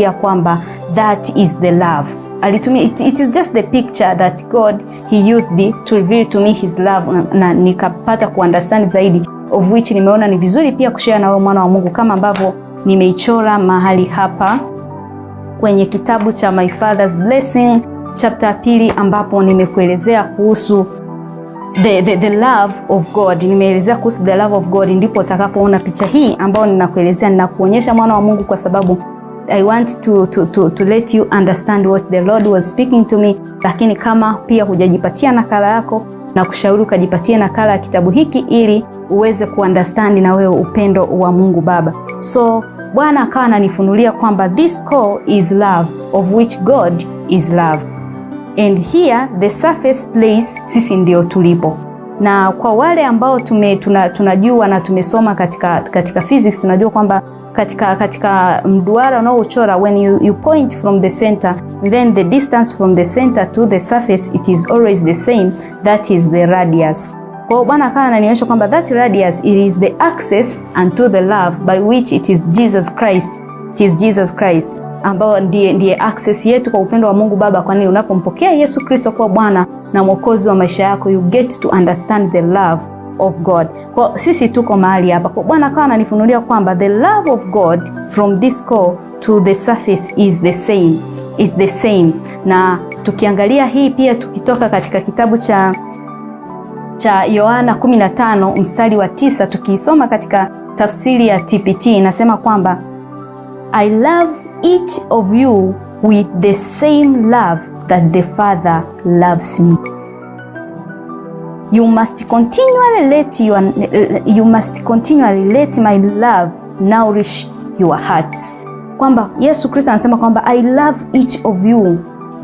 ya kwamba that is the love alitumia it, it is just the picture that God he used to reveal to me his love na, na nikapata kuunderstand zaidi of which nimeona ni vizuri pia kushare na wewe mwana wa Mungu kama ambavyo nimeichora mahali hapa kwenye kitabu cha My Father's Blessing chapter pili ambapo nimekuelezea kuhusu the, the, the love of God. Nimeelezea kuhusu the love of God, ndipo utakapoona picha hii ambayo ninakuelezea, ninakuonyesha mwana wa Mungu kwa sababu I want to, to, to, to let you understand what the Lord was speaking to me. Lakini kama pia hujajipatia nakala yako, na kushauri ukajipatie nakala ya kitabu hiki ili uweze kuunderstand na wewe upendo wa Mungu Baba. So Bwana akawa ananifunulia kwamba this call is love of which God is love and here the surface place, sisi ndio tulipo na kwa wale ambao tume, tunajua na tumesoma katika, katika physics tunajua kwamba katika, katika mduara unaochora when you, you point from the center then the distance from the center to the surface it is always the same that is the radius. Kwa bwana akawa ananionyesha kwamba that radius it is the access unto the love by which it is Jesus Christ, it is Jesus Christ ambao ndiye, ndiye access yetu kwa upendo wa Mungu Baba, kwani unapompokea Yesu Kristo kuwa Bwana na Mwokozi wa maisha yako you get to understand the love of God. Kwa sisi tuko mahali hapa. Kwa Bwana akawa ananifunulia kwamba the love of God from this core to the surface is the same. Is the same. Na tukiangalia hii pia tukitoka katika kitabu cha cha Yohana 15 mstari wa tisa tukiisoma katika tafsiri ya TPT inasema kwamba I love each of you with the same love that the Father loves me. You must continually let your, you must continually let my love nourish your hearts, kwamba Yesu Kristo anasema kwamba I love each of you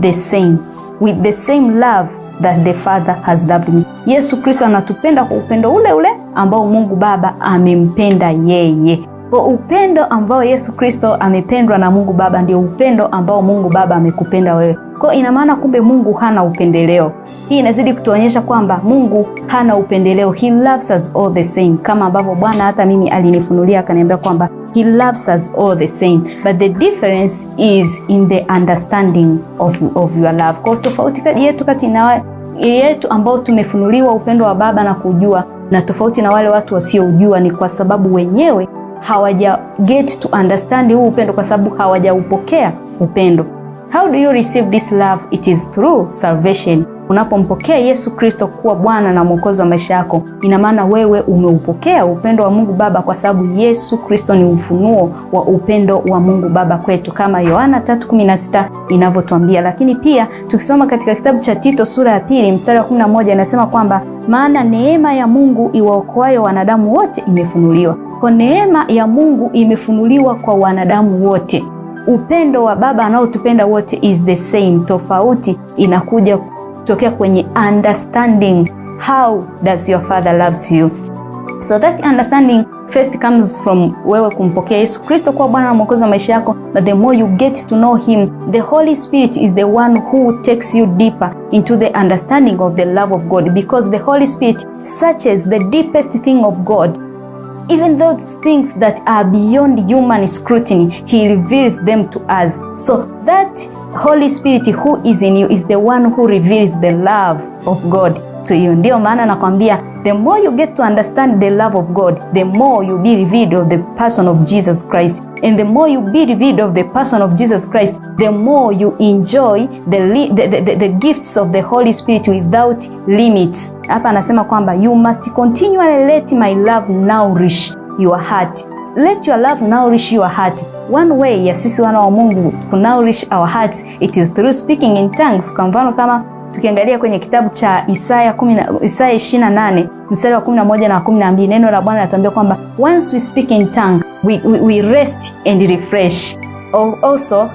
the same with the same love that the Father has loved me. Yesu Kristo anatupenda kwa upendo ule ule ambao Mungu Baba amempenda yeye. Kwa upendo ambao Yesu Kristo amependwa na Mungu Baba ndio upendo ambao Mungu Baba amekupenda wewe. Kwa ina maana kumbe Mungu hana upendeleo. Hii inazidi kutuonyesha kwamba Mungu hana upendeleo. He loves us all the same. Kama ambavyo Bwana hata mimi alinifunulia akaniambia kwamba He loves us all the same. But the difference is in the understanding of, of your love. Kwa tofauti yetu kati na yetu ambao tumefunuliwa upendo wa Baba na kujua na tofauti na wale watu wasiojua ni kwa sababu wenyewe hawaja get to understand huu upendo kwa sababu hawajaupokea upendo. How do you receive this love? It is through salvation. Unapompokea Yesu Kristo kuwa Bwana na Mwokozi wa maisha yako, ina maana wewe umeupokea upendo wa Mungu Baba, kwa sababu Yesu Kristo ni ufunuo wa upendo wa Mungu Baba kwetu, kama Yohana 3:16 inavyotuambia. Lakini pia tukisoma katika kitabu cha Tito sura ya pili mstari wa 11 inasema kwamba maana neema ya Mungu iwaokoayo wanadamu wote imefunuliwa. Kwa neema ya Mungu imefunuliwa kwa wanadamu wote. Upendo wa Baba anaotupenda wote is the same. Tofauti inakuja kutokea kwenye understanding how does your father loves you so that understanding first comes from wewe kumpokea Yesu Kristo kuwa Bwana na Mwokozi wa maisha yako, but the more you get to know him the Holy Spirit is the one who takes you deeper into the understanding of the love of God because the Holy Spirit searches the deepest thing of God Even those things that are beyond human scrutiny, he reveals them to us. So that Holy Spirit who is in you is the one who reveals the love of God to you. Ndiyo maana nakwambia the more you get to understand the love of God, the more you be revealed of the person of Jesus Christ. And the more you be revealed of the person of Jesus Christ, the more you enjoy the, the, the, the gifts of the Holy Spirit without limits. Hapa anasema kwamba you must continually let my love nourish your heart. Let your love nourish your heart. One way ya sisi wana wa Mungu kunaurish our hearts, it is through speaking in tongues. Kwa mfano kama tukiangalia kwenye kitabu cha Isaya 10 Isaya 28 mstari wa 11 na 12, neno la Bwana linatuambia kwamba once we speak in tongue we, we, we rest and refresh. Also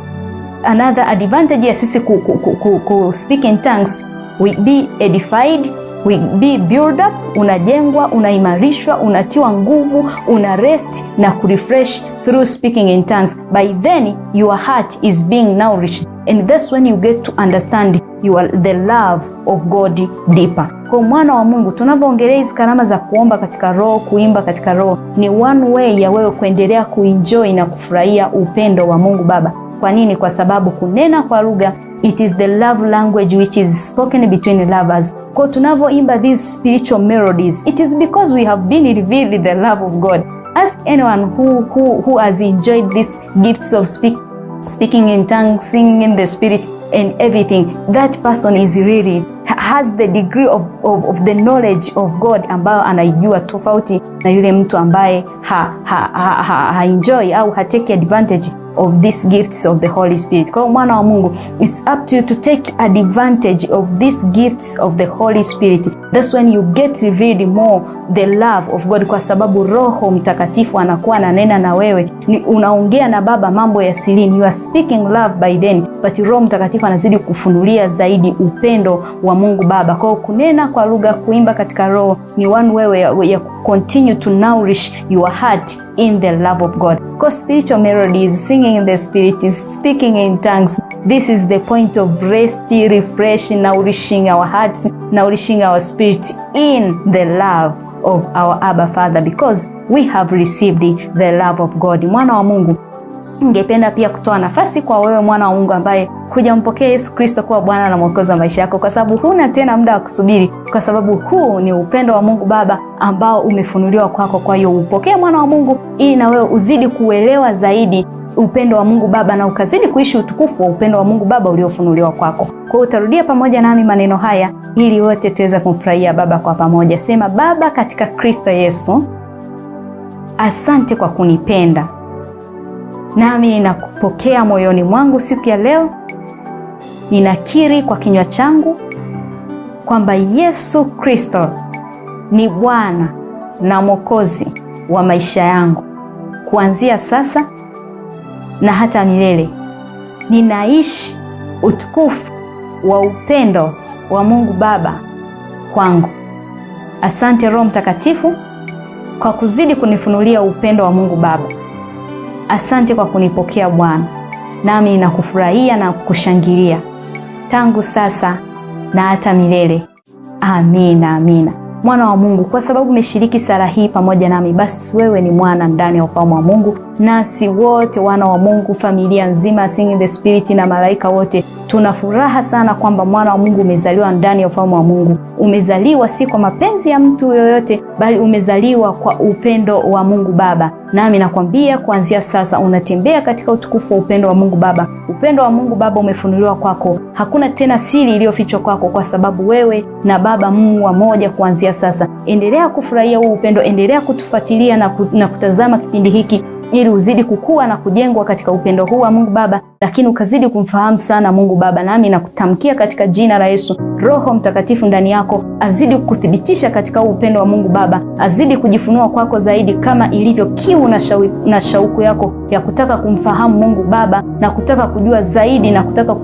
another advantage ya sisi ku, ku, ku, ku, ku speak in tongues we be edified we be build up, unajengwa, unaimarishwa, unatiwa nguvu, una rest na kurefresh through speaking in tongues. By then your heart is being nourished and that's when you get to understand it your, the love of God deeper. Kwa mwana wa Mungu, tunavyoongelea hizi karama za kuomba katika roho, kuimba katika roho, ni one way ya wewe kuendelea kuenjoy na kufurahia upendo wa Mungu Baba. Kwa nini? Kwa sababu kunena kwa lugha It is the love language which is spoken between lovers. Kwa tunavyoimba these spiritual melodies, it is because we have been revealed the love of God. Ask anyone who, who, who has enjoyed these gifts of speaking speaking in tongues, singing in the spirit and everything, that person is really has the degree of, of, of the knowledge of God ambayo anaijua tofauti na yule mtu ambaye ha, ha, ha, ha, ha enjoy au hateki advantage of these gifts of the Holy Spirit. Kwa mwana wa Mungu, it's up to you to take advantage of these gifts of the Holy Spirit. That's when you get revealed more the love of God, kwa sababu Roho Mtakatifu anakuwa ananena na wewe, ni unaongea na Baba mambo ya silini, you are speaking love by then, but Roho Mtakatifu anazidi kufunulia zaidi upendo wa Mungu Baba. Kwa kunena kwa lugha, kuimba katika Roho ni one way ya, ya continue to nourish your heart in the love of God. Because spiritual is singing in the spirit, speaking in tongues, this is the point of rest, refreshing, nourishing our hearts, nourishing our spirits in the love of our Abba Father because we have received the love of God. Mwana wa Mungu Ningependa pia kutoa nafasi kwa wewe mwana wa Mungu ambaye hujampokea Yesu Kristo kuwa Bwana na Mwokozi wa maisha yako, kwa sababu huna tena muda wa kusubiri, kwa sababu huu ni upendo wa Mungu Baba ambao umefunuliwa kwako. Kwa hiyo upokee mwana wa Mungu ili na wewe uzidi kuelewa zaidi upendo wa Mungu Baba na ukazidi kuishi utukufu wa upendo wa Mungu Baba uliofunuliwa kwako. Kwa hiyo utarudia pamoja nami maneno haya ili wote tuweze kumfurahia Baba kwa pamoja. Sema: Baba katika Kristo Yesu, asante kwa kunipenda nami ninakupokea moyoni mwangu siku ya leo. Ninakiri kwa kinywa changu kwamba Yesu Kristo ni Bwana na Mwokozi wa maisha yangu. Kuanzia sasa na hata milele, ninaishi utukufu wa upendo wa Mungu Baba kwangu. Asante Roho Mtakatifu kwa kuzidi kunifunulia upendo wa Mungu Baba. Asante kwa kunipokea Bwana, nami nakufurahia na kushangilia tangu sasa na hata milele. Amina, amina. Mwana wa Mungu, kwa sababu umeshiriki sala hii pamoja nami, basi wewe ni mwana ndani ya ufalme wa Mungu nasi wote wana wa Mungu, familia nzima Singing the Spirit na malaika wote tuna furaha sana kwamba mwana wa Mungu umezaliwa ndani ya ufalme wa Mungu. Umezaliwa si kwa mapenzi ya mtu yoyote, bali umezaliwa kwa upendo wa Mungu Baba. Nami nakwambia kuanzia sasa unatembea katika utukufu wa upendo wa Mungu Baba. Upendo wa Mungu Baba umefunuliwa kwako, hakuna tena siri iliyofichwa kwako, kwa sababu wewe na Baba mungu wa moja. Kuanzia sasa, endelea kufurahia huu upendo, endelea kutufuatilia na kutazama kipindi hiki ili uzidi kukua na kujengwa katika upendo huu wa Mungu Baba, lakini ukazidi kumfahamu sana Mungu Baba. Nami nakutamkia katika jina la Yesu, Roho Mtakatifu ndani yako azidi kukuthibitisha katika upendo wa Mungu Baba, azidi kujifunua kwako zaidi, kama ilivyo kiu na, na shauku yako ya kutaka kumfahamu Mungu Baba na kutaka kujua zaidi na kutaka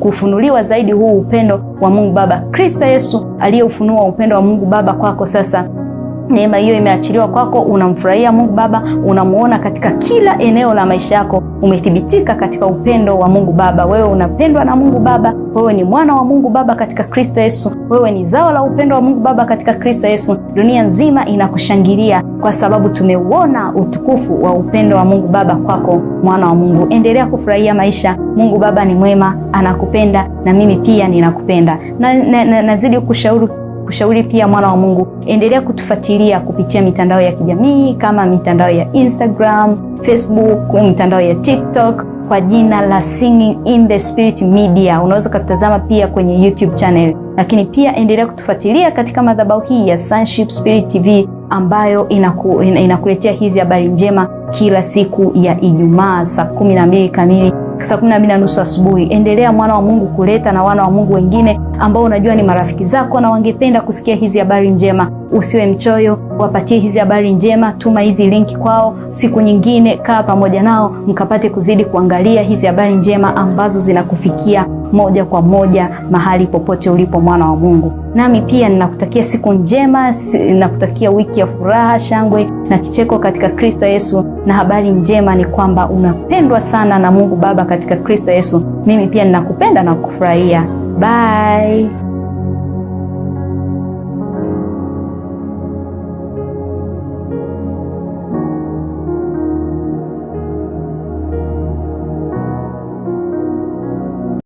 kufunuliwa zaidi huu upendo wa Mungu Baba. Kristo Yesu aliyeufunua upendo wa Mungu Baba kwako sasa neema hiyo imeachiliwa kwako, unamfurahia Mungu Baba, unamuona katika kila eneo la maisha yako, umethibitika katika upendo wa Mungu Baba. Wewe unapendwa na Mungu Baba, wewe ni mwana wa Mungu Baba katika Kristo Yesu, wewe ni zao la upendo wa Mungu Baba katika Kristo Yesu. Dunia nzima inakushangilia kwa sababu tumeuona utukufu wa upendo wa Mungu Baba kwako, mwana wa Mungu. Endelea kufurahia maisha. Mungu Baba ni mwema, anakupenda na mimi pia ninakupenda, nazidi na, na, na kushauri kushauri pia, mwana wa Mungu, endelea kutufuatilia kupitia mitandao ya kijamii kama mitandao ya Instagram, Facebook, mitandao ya TikTok kwa jina la Singing in the Spirit Media. Unaweza ukatutazama pia kwenye YouTube channel, lakini pia endelea kutufuatilia katika madhabahu hii ya Sonship Spirit TV ambayo inaku, inakuletea hizi habari njema kila siku ya Ijumaa saa 12 kamili saa 12 na nusu asubuhi. Endelea mwana wa Mungu kuleta na wana wa Mungu wengine ambao unajua ni marafiki zako na wangependa kusikia hizi habari njema. Usiwe mchoyo, wapatie hizi habari njema, tuma hizi linki kwao. Siku nyingine kaa pamoja nao mkapate kuzidi kuangalia hizi habari njema ambazo zinakufikia moja kwa moja mahali popote ulipo, mwana wa Mungu. Nami pia ninakutakia siku njema, ninakutakia wiki ya furaha, shangwe na kicheko katika Kristo Yesu. Na habari njema ni kwamba unapendwa sana na Mungu Baba katika Kristo Yesu. Mimi pia ninakupenda na kufurahia Bye!